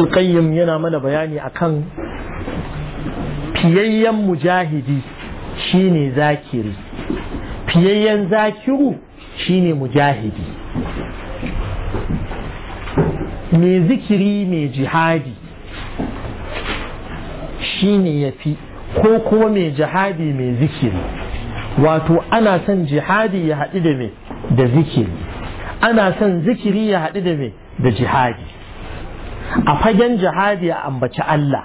alƙayyim yana mana bayani akan fiyayyen mujahidi shine zakiri fiyayyen zakiru shine mujahidi mai zikiri mai jihadi shine ya fi ko kuma mai jihadi mai zikiri wato ana son jihadi ya haɗu da mai da zikiri ana son zikiri ya haɗu da mai da jihadi a fagen jihadi a ambaci Allah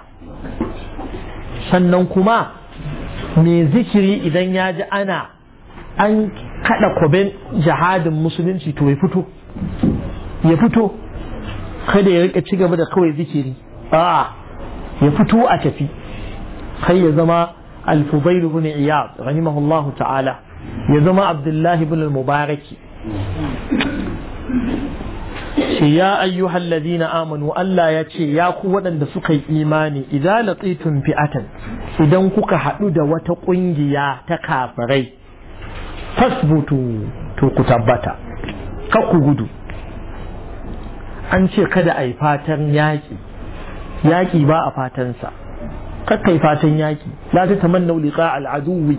sannan kuma mai zikiri idan ya ji ana an kada kwaben jihadin musulunci to ya fito ya fito kada ya rika ci gaba da kawai zikiri a ya fito a tafi kai ya zama الفضيل بن عياض رحمه الله تعالى يزما عبد الله بن المبارك ce ya ayyuhal ladina amanu Allah ya ce ya ku waɗanda suka yi imani idza laqitum fi'atan idan kuka haɗu da wata ƙungiya ta kafirai fasbutu to ku tabbata ka ku gudu an ce kada a yi fatan yaƙi yaƙi ba a fatansa kakkai fatan yaƙi la ta tamanna liqa al aduwi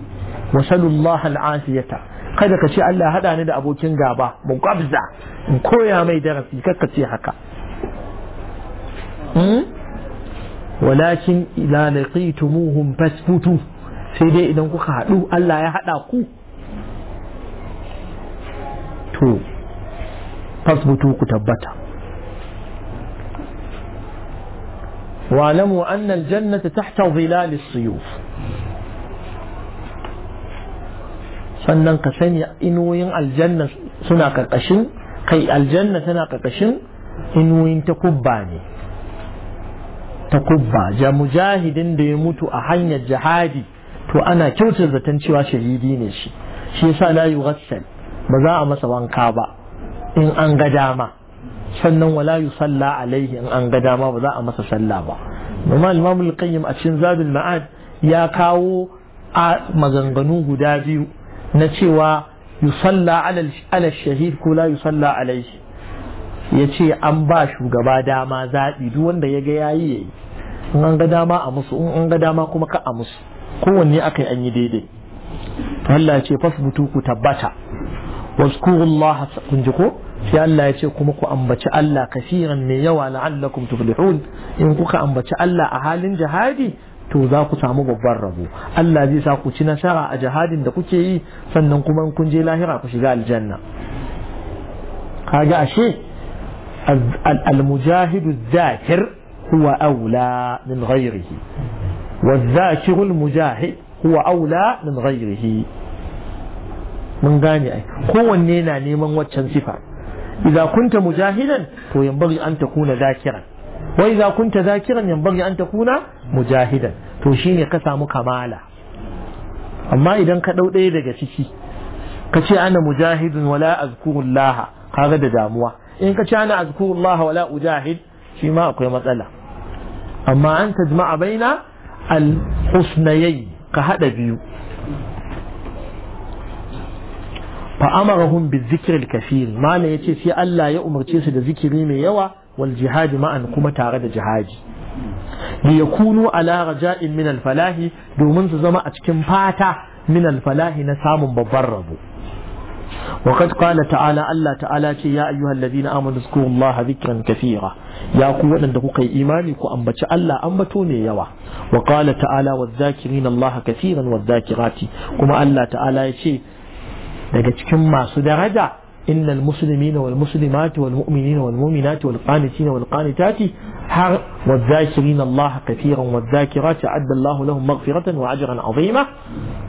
wa sallallahu al afiyata kada ka ce Allah hada ni da abokin gaba mu gabza in koya mai darasi kaka ce haka hmm walakin ila laqitumuhum fasbutu sai dai idan kuka hadu Allah ya hada ku to fasbutu ku tabbata wa lamu anna aljannata tahta dhilal as-suyuf sannan ka sani inuwoyin aljanna suna karkashin kai aljanna tana karkashin inuwoyin ta kubba ne ta kubba ja mujahidin da ya mutu a hanyar jihadi to ana kyautar zaton cewa shahidi ne shi shi yasa la yughassal ba za a masa wanka ba in an ga dama sannan wala yusalla alaihi in an ga dama ba za a masa sallah ba amma imamul qayyim a cikin zadul ma'ad ya kawo a maganganu guda biyu na cewa yusalla ala shahid ko la yusalla alaihi ya ce an ba shugaba dama zaɓi duk wanda ya ga yayi yayi in an ga dama a musu in an ga dama kuma ka a musu kowanne aka yi an yi daidai Allah ya ce fasbutu ku tabbata wazkurullaha kun ji ko sai Allah ya ce kuma ku ambaci Allah kasiran mai yawa la'allakum tuflihun in kuka ambaci Allah a halin jihadi to za ku samu babban rabo Allah zai sa ku ci nasara a jihadin da kuke yi sannan kuma kun je lahira ku shiga aljanna kaga ashe al-mujahidu zakir huwa aula min ghairihi والذاكر المجاهد هو أولى من غيره من غاني أي هو النينا نيمان واتشان صفة إذا كنت مجاهدا فينبغي أن تكون ذاكرا وإذا كنت ذاكرا ينبغي أن تكون مجاهدا توشيني قسم كمالا أما إذا كدو إيه دقشيشي كشي أنا مجاهد ولا أذكر الله هذا دجاموة إن كشي أنا أذكر الله ولا أجاهد شي ما أقوى مسألة أما أن تجمع بين الحسنيين كهذا بيو فأمرهم بالذكر الكثير ما لا يتي في ألا يأمر تيس ذكري من يوى wal jihadi ma'an kuma tare da jihadi li yakunu ala raja'in min al falahi domin su zama a cikin fata min al falahi na samun babban rabo وقد قال تعالى الله تعالى يا أيها الذين آمنوا اذكروا الله ذكرا كثيرا يا قوة دقوق إيماني كو أنبت الله أنبتوني يوا وقال تعالى والذاكرين الله كثيرا والذاكرات كما الله تعالى يشي daga cikin masu daraja إن المسلمين والمسلمات والمؤمنين والمؤمنات والقانتين والقانتات حق والذاكرين الله كثيرا والذاكرات أعد الله لهم مغفرة وأجرا عظيما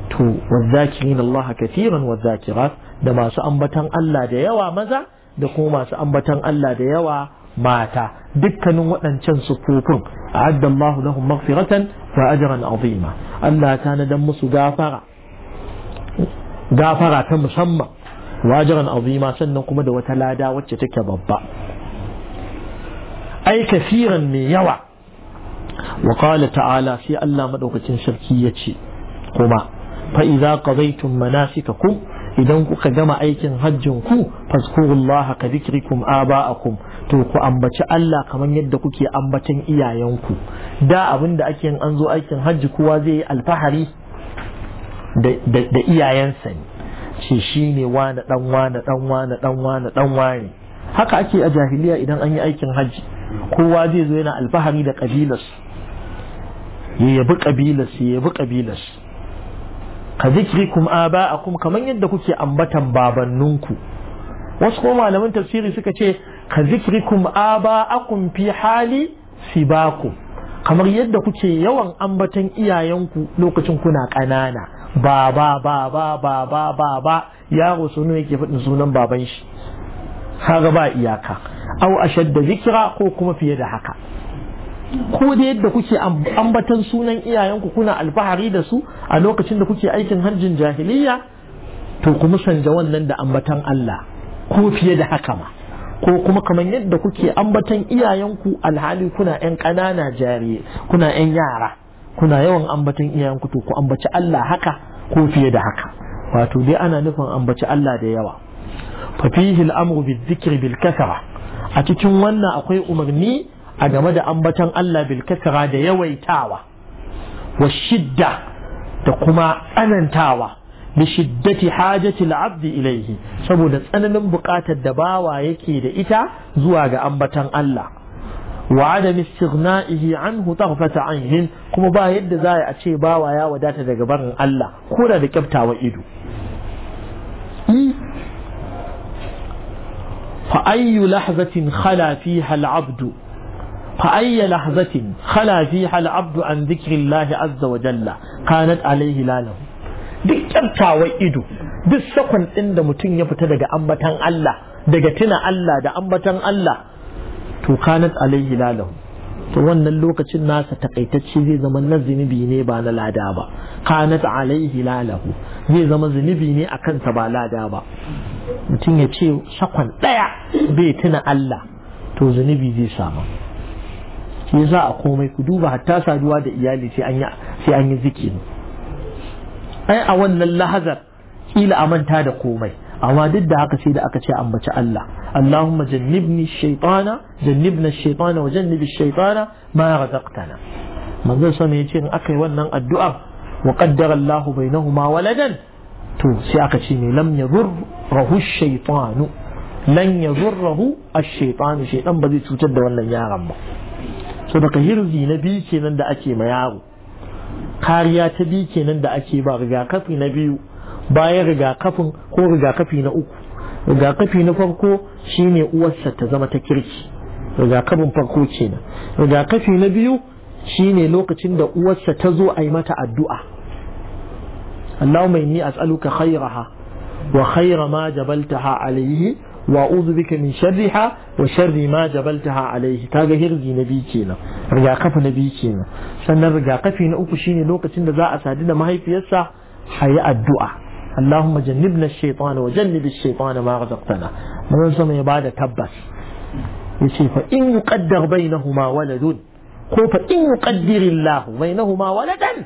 تو والذاكرين الله كثيرا والذاكرات دما سأنبتن ألا ديوى مزا دكوما سأنبتن ألا ديوى ماتا دكنا وأن تنصفوكم أعد الله لهم مغفرة وأجرا عظيما ألا كان دم سقافرا قافرا تمسمى wajiran azima sannan kuma da wata lada wacce take babba ai kasiran mai yawa wa qala ta'ala sai Allah madaukakin sarki yace kuma fa idza qadaytum manasikakum idan kuka gama aikin hajjin ku fazkurullah ka zikrikum aba'akum to ku ambaci Allah kamar yadda kuke ambacin iyayenku da abinda ake an zo aikin hajji kowa zai yi alfahari da iyayensa ne ce shi ne wane dan wane dan wane dan wane dan wane haka ake a jahiliya idan an yi aikin hajji kowa zai zo yana alfahari da kabilas ya yabi kabilas ya yabi kabilas ka a aba'akum kaman yadda kuke ambatan babanninku wasu kuma malaman tafsiri suka ce ka a aba'akum fi hali sibaku kamar yadda kuke yawan ambatan iyayenku lokacin kuna ƙanana baba baba baba baba yaro sunu yake faɗin sunan baban shi kaga ba iyaka au ashadda zikira ko kuma fiye da haka ko da yadda kuke ambatan sunan iyayenku kuna alfahari da su a lokacin da kuke aikin harjin jahiliya to kuma sanja wannan da ambatan Allah ko fiye da haka ma ko kuma kamar yadda kuke ambatan iyayenku alhali kuna 'yan ƙanana jariye kuna 'yan yara kuna yawan ambatan iyayenku to ku ambaci Allah haka ko fiye da haka wato dai ana nufin ambaci Allah da yawa fa fihi al-amru bi-dhikri bil a cikin wannan akwai umarni a game da ambatan Allah bil-kathra da yawaitawa wa shidda da kuma tsanantawa bi shiddati hajati al-abd ilayhi saboda tsananin buƙatar da bawa yake da ita zuwa ga ambatan Allah wa adam istighna'ihi anhu taghfata ayhin kuma ba yadda za a ce bawa ya wadata daga barin Allah ko da kyaftawa ido hmm? fa ayyu lahzatin khala fiha al-'abdu an dhikrillah azza wa jalla kanat alayhi lalahu duk kyaftawa ido duk sakon din da mutum ya fita daga ambatan Allah daga tuna Allah da ambatan Allah to kanat alaihi lalahu to wannan lokacin nasa takaitacce zai zama na zunubi ne ba na lada ba kanat alaihi lalahu zai zama zunubi ne a kansa ba lada ba mutum ya ce sakon ɗaya bai tuna Allah to zunubi zai samu shi za a komai ku duba hatta saduwa da iyali sai an yi zikiri ai a wannan lahazar kila a manta da komai amma duk da haka sai da aka ce ambaci Allah Allahumma jannibni shaytana jannibna shaytana wa jannibi shaytana ma razaqtana manzo sama yace in akai wannan addu'a wa qaddara Allah bainahuma waladan to sai aka ce ne lam yadurruhu shaytanu lan yadurruhu ash-shaytanu shaytan ba zai cutar da wannan yaron ba so daga hirzi na biyu kenan da ake ma yaro kariya ta biyu kenan da ake ba rigakafi na biyu bayan rigakafin ko rigakafi na uku rigakafi na farko shine uwarsa ta zama ta kirki rigakafin farko kenan rigakafi na biyu shine lokacin da uwarsa ta zo a yi mata addu'a Allahumma inni as'aluka khairaha wa khaira ma jabaltaha alayhi wa uzu bika min sharriha wa sharri ma jabaltaha alayhi kaga hirzi na biyu kenan rigakafi na biyu kenan sannan rigakafi na uku shine lokacin da za a sadu da mahaifiyarsa a yi addu'a اللهم جنبنا الشيطان وجنب الشيطان ما رزقتنا من سمى يبعد تبس يشي فإن يقدر بينهما ولد ko fa in yuqaddir Allah bainahuma waladan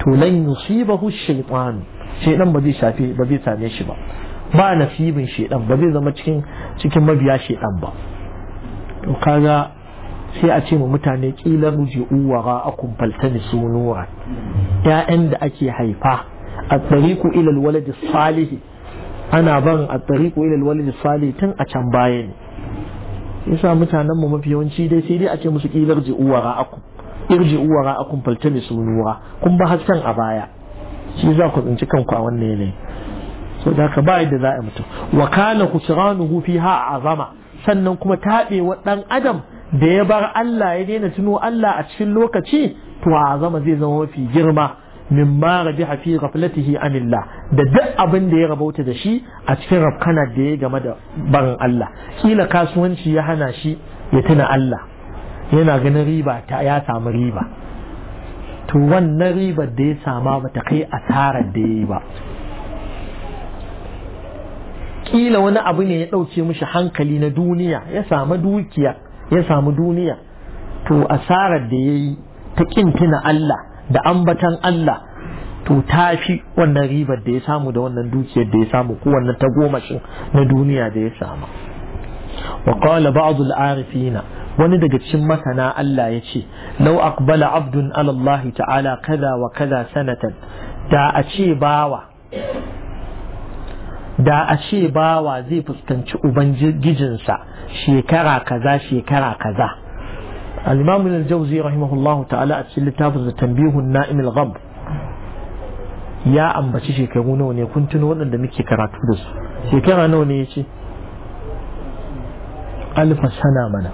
to lan yusibahu shaytan shaytan ba zai shafe ba zai same shi ba ba nasibin shaytan ba zai zama cikin cikin mabiya shaytan ba to kaga sai a ce mu mutane kila ruji'u wa ra'akum faltani nuran ya'yan da ake haifa at-tariqu ila al salih ana ban at ila al salih tun a can baya ne yasa mutanen mu mafi yawanci dai sai dai a ce musu kilar ji uwa ra'akum irji uwa ra'akum faltamisu nura kun ba a baya shi za ku tsinci kanku a wannan ne. so da ka ba yadda za a mutum wa kana kusuranuhu fiha azama sannan kuma taɓewa ɗan adam da ya bar Allah ya daina tuno Allah a cikin lokaci to azama zai zama mafi girma mimma rajiha fi ghaflatihi anillah da duk abin da ya rabauta da shi a cikin rafkana da ya game da barin Allah kila kasuwanci ya hana shi ya tuna Allah yana ganin riba ta ya samu riba to wannan ribar da ya sama ba ta kai asarar da ya yi ba kila wani abu ne ya ɗauke mishi hankali na duniya ya samu dukiya ya samu duniya to asarar da ya yi ta ƙin tuna Allah da ambatan Allah to tafi wannan ribar da ya samu da wannan dukiyar da ya samu ko wannan tagomashin na duniya da ya samu wa qala ba'd al-arifina wani daga cikin masana Allah ya ce law aqbala abdun ala Allah ta'ala kaza wa kaza sanatan da a ce bawa da a ce bawa zai fuskanci ubangijinsa shekara kaza shekara kaza al-imam al-jawzi ta'ala a cikin littafin da tanbihun na'im al-ghab ya ambaci shekaru nawa ne kun tuno waɗanda muke karatu da shekara nawa ne yace alfa sana mana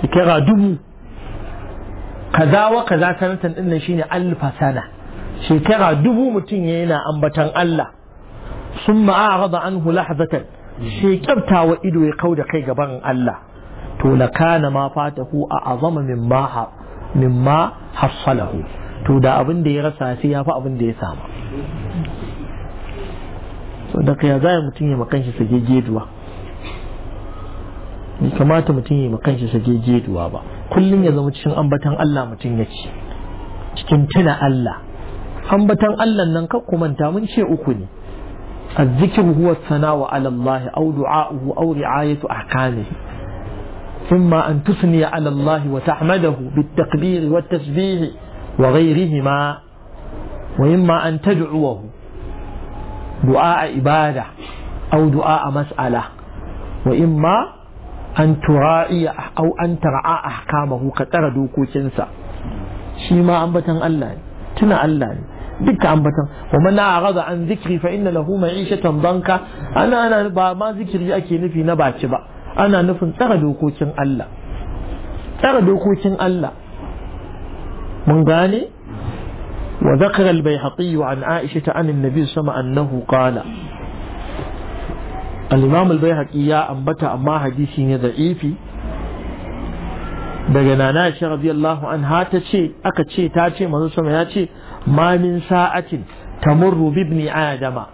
shekara dubu kaza wa kaza sanatan din alfa sana shekara dubu mutum yana ambatan Allah summa an anhu lahzatan shekarta wa ido ya kauda kai gaban Allah to la kana ma fatahu a azama min ma hassalahu to da abin da ya rasa sai ya fi abin da ya samu so da kai zai mutum ya makan shi sage jeduwa bai kamata mutum ya makan shi sage jeduwa ba kullum ya zama cikin ambatan Allah mutum ya ci cikin tuna Allah ambatan Allah nan ka manta mun ce uku ne الذكر هو الثناء على الله أو دعاؤه أو رعاية أحكامه ثم أن تثني على الله وتحمده بالتكبير والتسبيح وغيرهما وإما أن تدعوه دعاء عبادة أو دعاء مسألة وإما أن تراعي أو أن ترعى أحكامه كتردو كوشنسا شيما أنبتا الله تنا الله دك أنبتا ومن أعرض عن ذكري فإن له معيشة ضنكا أنا أنا ما ذكري أكي نفي نبات شبا ana nufin tsara dokokin Allah tsara dokokin Allah mun gane wa zakara al-bayhaqi an aisha ta anin sama annahu qala al-imam al-bayhaqi ya ambata amma hadisi ne da'ifi daga nana aisha radiyallahu anha ta ce aka ce ta ce manzo sama ya ce ma min sa'atin tamurru bi ibni adama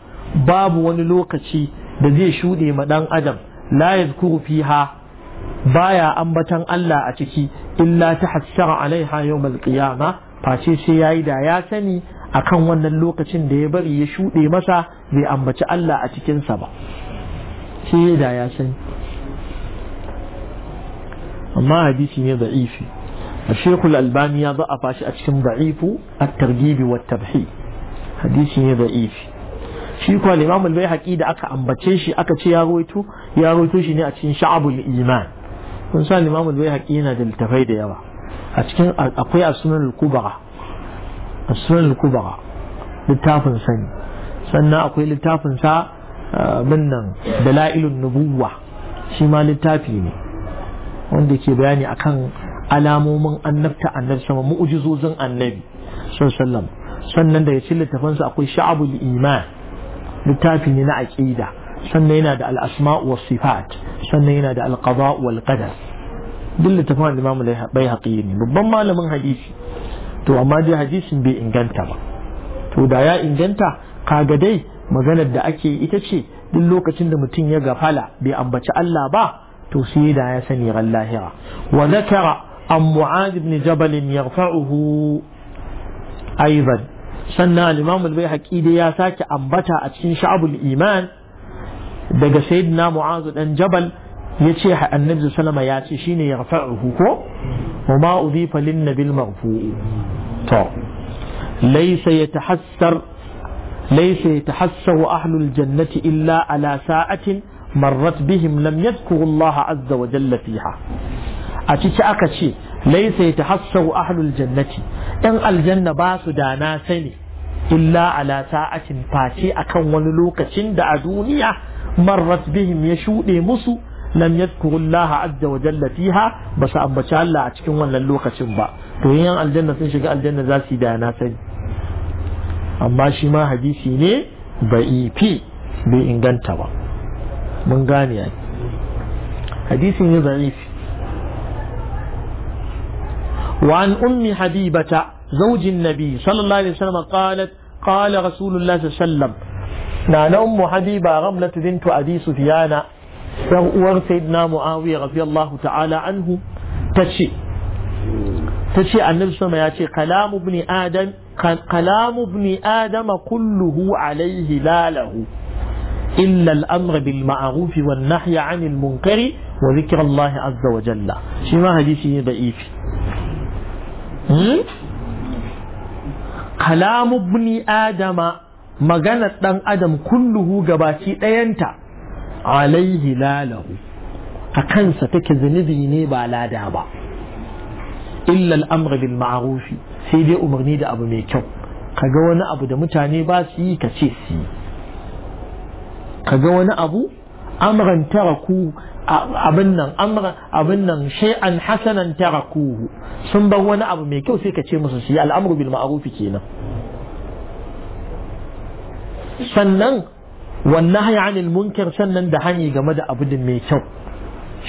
babu wani lokaci da zai shuɗe ma ɗan adam لا يذكر فيها بايا أنبتن ألا أتكي إلا تحسر عليها يوم القيامة فاتي سيائي دا ياسني أكن وانا اللوكة ديبر يشو ديمسا دي أنبت الله أتكين سبا يا سني ياسني أما حديثي ضعيف الشيخ الألباني يضع فاش أتكين ضعيف التغييب والتبحي حديثي ضعيف shi kuwa limamul bai haƙi da aka ambace shi aka ce ya rawaito ya rawaito shi ne a cikin sha'abul iman kun sa limamul bai haƙi yana da littafai da yawa a cikin akwai asunan kubara asunan kubara littafin sani sannan akwai littafin sa binnan nan dalailun nubuwa shi ma littafi ne wanda ke bayani akan alamomin annabta annabi sama mu'jizozin annabi sallallahu alaihi wasallam sannan daga littafin sa akwai sha'abul iman littafi ne na aƙida sannan yana da al'asma wa sifat sannan yana da al-qada' wal qadar duk littafin bai Baihaqi ne babban malamin hadisi to amma dai hadisin bai inganta ba to da ya inganta kaga dai maganar da ake ita ce duk lokacin da mutum ya gafala bai ambaci Allah ba to sai da ya sani ran lahira wa zakara an mu'adh ibn jabal yarfa'uhu aidan sannan al bai al dai ya sake ambata a cikin sha'abul iman daga sayyidina mu'azu dan jabal yace annabi salama ya ce shine yarfa'uhu ko wa ma udhifa lin nabil marfu'u to laysa yatahassar laysa yatahassahu ahlul jannati illa ala sa'atin marrat bihim lam yadhkuru Allah azza wa jalla fiha a ciki aka ce laysa yatahassahu ahlul jannati ɗan aljanna ba su da na sani illa ala sa'atin face akan wani lokacin da a duniya marrat bihim ya shuɗe musu lam yadhkuru Allah azza wa jalla fiha ba su ambaci Allah a cikin wannan lokacin ba to yan aljanna sun shiga aljanna za su yi da na sani amma shi ma hadisi ne ba'ifi bai inganta ba mun gane hadisi ne za'ifi وعن أم حبيبة زوج النبي صلى الله عليه وسلم قالت قال رسول الله صلى الله عليه وسلم نعم أم حبيبة غملة بنت أبي سفيان ور سيدنا معاوية رضي الله تعالى عنه تشي تشي النبي صلى الله عليه كلام ابن آدم كلام ابن آدم كله عليه لا له إلا الأمر بالمعروف والنهي عن المنكر وذكر الله عز وجل شما هديثي ضعيف Hmm? kalamu buni adama maganar ɗan adam kulluhu gabaci ɗayanta alaihi lalahu a kansa take zunubi ne ba lada ba illa al'amr bil ma'rufi sai dai umarni da abu mai kyau kaga wani abu da mutane ba su yi ka ce su yi kaga wani abu amran taraku abin nan abin nan shay'an hasanan tarakuhu sun bar wani abu mai kyau sai ka ce musu su yi al'amru bil kenan sannan wannan haya anil munkar sannan da hanyi game da abu da mai kyau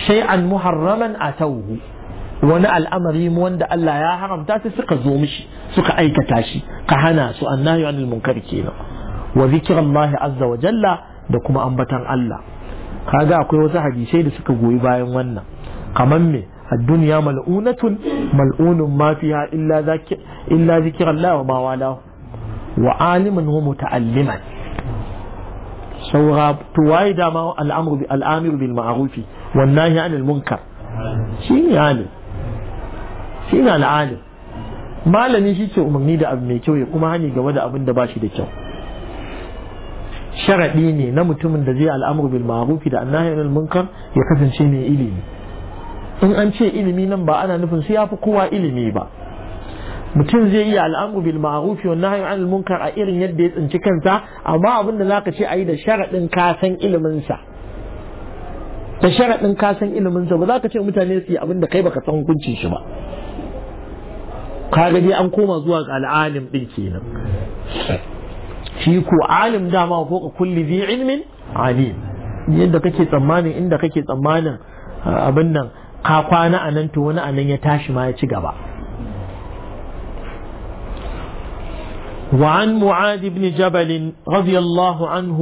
shay'an muharraman atawhu wani al'amari wanda Allah ya haramta sai suka zo mishi suka aikata shi ka hana su annahi anil munkar kenan wa zikrullahi azza wa jalla da kuma ambatan Allah kaga akwai wasu hadisai da suka goyi bayan wannan kamar me الدنيا ملعونة ملعون ما فيها إلا ذكر إلا ذكر الله وما والاه وعالما ومتعلما saura waye dama al'amir bil ma'arufi wannan ya anil munkar shi ne alim shi ne al'alim malami shi ce umarni da abu mai kyau ya kuma hani game da abin da ba shi da kyau sharaɗi ne na mutumin da zai al'amuru bil ma'rufi da annahi anil munkar ya kasance mai ilimi in an ce ilimi nan ba ana nufin su yafi kowa ilimi ba mutum zai iya al'amuru bil ma'rufi wa nahyi anil munkar a irin yadda ya tsinci kansa amma abin da zaka ce ayi da sharaɗin ka san ilimin sa da sharaɗin ka san ilimin sa ba zaka ce mutane su yi abin da kai baka san hukuncin shi ba Ka dai an koma zuwa ga al'alim din kenan shi ko alim dama ko ka kulli zi ilmin alim yadda kake tsammanin inda kake tsammanin abin nan ka kwana a nan to wani a nan ya tashi ma ya ci gaba وعن معاذ بن جبل رضي الله عنه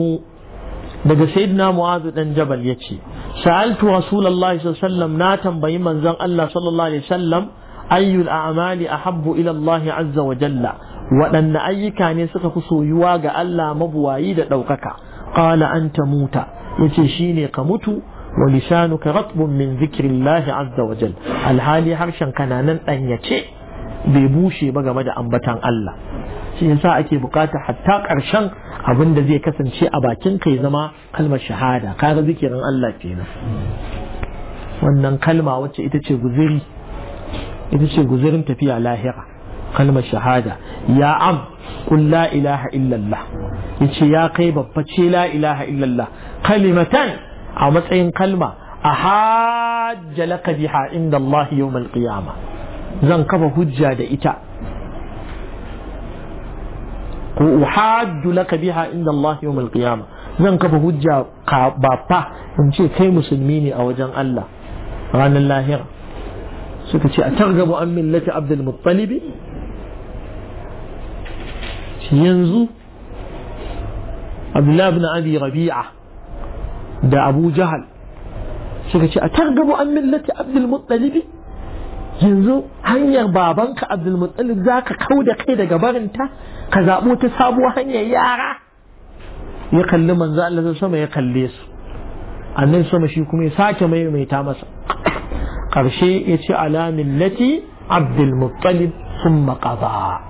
daga sayyidina mu'azu dan jabal yace sa'altu rasulullahi sallallahu alaihi na tambayi manzon Allah sallallahu alaihi wasallam ayyul a'mali ahabbu ila Allah azza wa jalla waɗanne ayyuka ne suka fi soyuwa ga Allah mabuwayi da ɗaukaka qala ta muta yace shine ka mutu wa ka ratbun min zikirillahi azza wa jal alhali harshen kananan ce bai bushe ba game da ambatan Allah shi yasa ake bukata hatta karshen abin da zai kasance a bakin kai zama kalmar shahada kaga zikirin Allah kenan wannan kalma wacce ita ce guziri ita ce guzirin tafiya lahira kalmar shahada ya am kun la ilaha illallah yace ya kai babba la ilaha illallah kalimatan a matsayin kalma a hajja laka biha inda Allah yawmal qiyama zan kafa hujja da ita ko uhaddu laka biha inda Allah yawmal qiyama zan kafa hujja ka bafa in ce kai musulmi ne a wajen Allah ranar lahira suka ce a targaba an millati abdul muttalibi yanzu abdullahi bin abi rabi'a da abu jahal suka ce a targabu an millati abdul yanzu hanyar babanka abdul za ka kau da kai daga barinta ka zaɓo ta sabuwar hanyar yara ya kalli manzo Allah sama ya kalle su annan sama shi kuma ya sake maimaita masa ƙarshe ya ce ala millati abdul sun maƙaba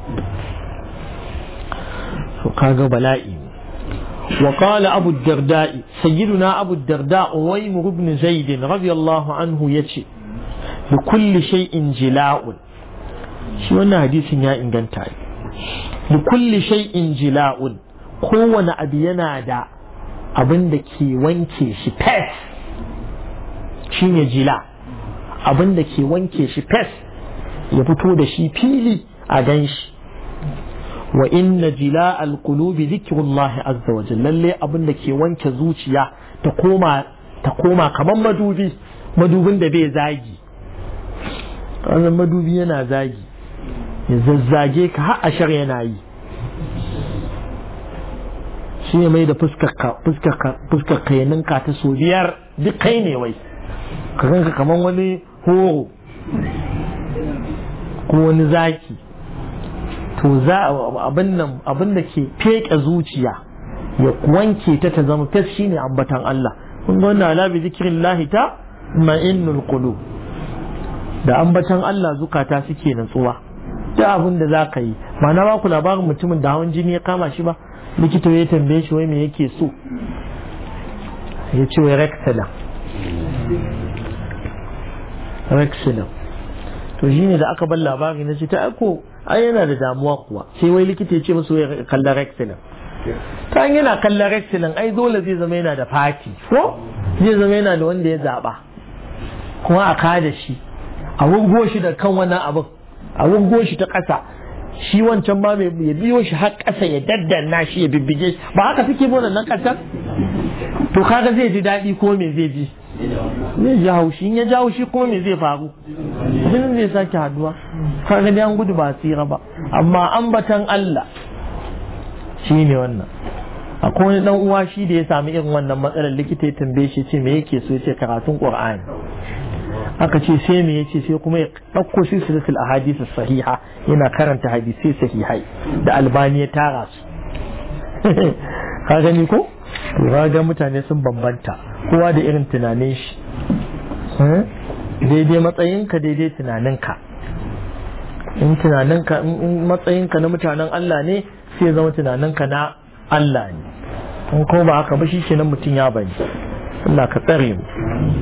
kaga bala'i wa qala abu darda'i sayyiduna abu darda'u wa imru ibn zaid radiyallahu anhu yace bi kulli shay'in jila'un shi wannan hadisin ya inganta bi kulli shay'in jila'un kowane abu yana da abin da ke wanke shi fes shi ne jila abin da ke wanke shi fes ya fito da shi fili a ganshi shi wa inna jila alqulubi zikrullahi azza wa jalla lalle abin da ke wanke zuciya ta koma ta koma kamar madubi madubin da bai zagi wannan madubi yana zagi ya zazzage ka har ashar yana yi shi ne mai da fuskar ka ya ninka ta so biyar duk kai ne wai ka kamar wani horo ko wani zaki to za abin abin da ke feke zuciya ya wanke ta ta zama fes shine ambatan Allah kun ga wannan alabi zikirin zikrillah ta ma'innul da ambatan Allah zukata suke natsuwa da abin da za ka yi ma'ana ba ku labarin mutumin da hawan jini ya kama shi ba likita ya tambaye shi wai me yake so ya ce wai rectala rectala to shi ne da aka bar labari na ce ta ako ai yana da damuwa kuwa sai wai likita ya ce musu ya kalla rexilin ta yana kalla rexilin ai dole zai zama yana da fati ko zai zama yana da wanda ya zaba kuma a kada shi a wurgo shi da kan wannan abin a wurgo shi ta ƙasa shi wancan ma mai ya biyo shi har ƙasa ya daddanna shi ya bibbige shi ba haka suke bonan nan ƙasar to kaga zai ji daɗi ko me zai ji ne ji haushi in ya ji kuma me zai faru jinin zai sake haduwa kaga dai an gudu ba tsira ba amma ambatan Allah shi ne wannan akwai wani dan uwa shi da ya sami irin wannan matsalar likita ya tambaye shi ce me yake so ya yace karatun qur'ani aka ce sai me yace sai kuma ya dauko silsilatul ahadith sahiha yana karanta hadisai sahihai da albani ya tara su ka ko to ga mutane sun bambanta kowa da irin tunanin shi eh? daidai matsayinka daidai tunaninka in tunaninka in matsayinka na mutanen Allah ne sai zama tunaninka na Allah ne in kuma ba aka ba shi nan mutum ya bani Allah ka tsare mu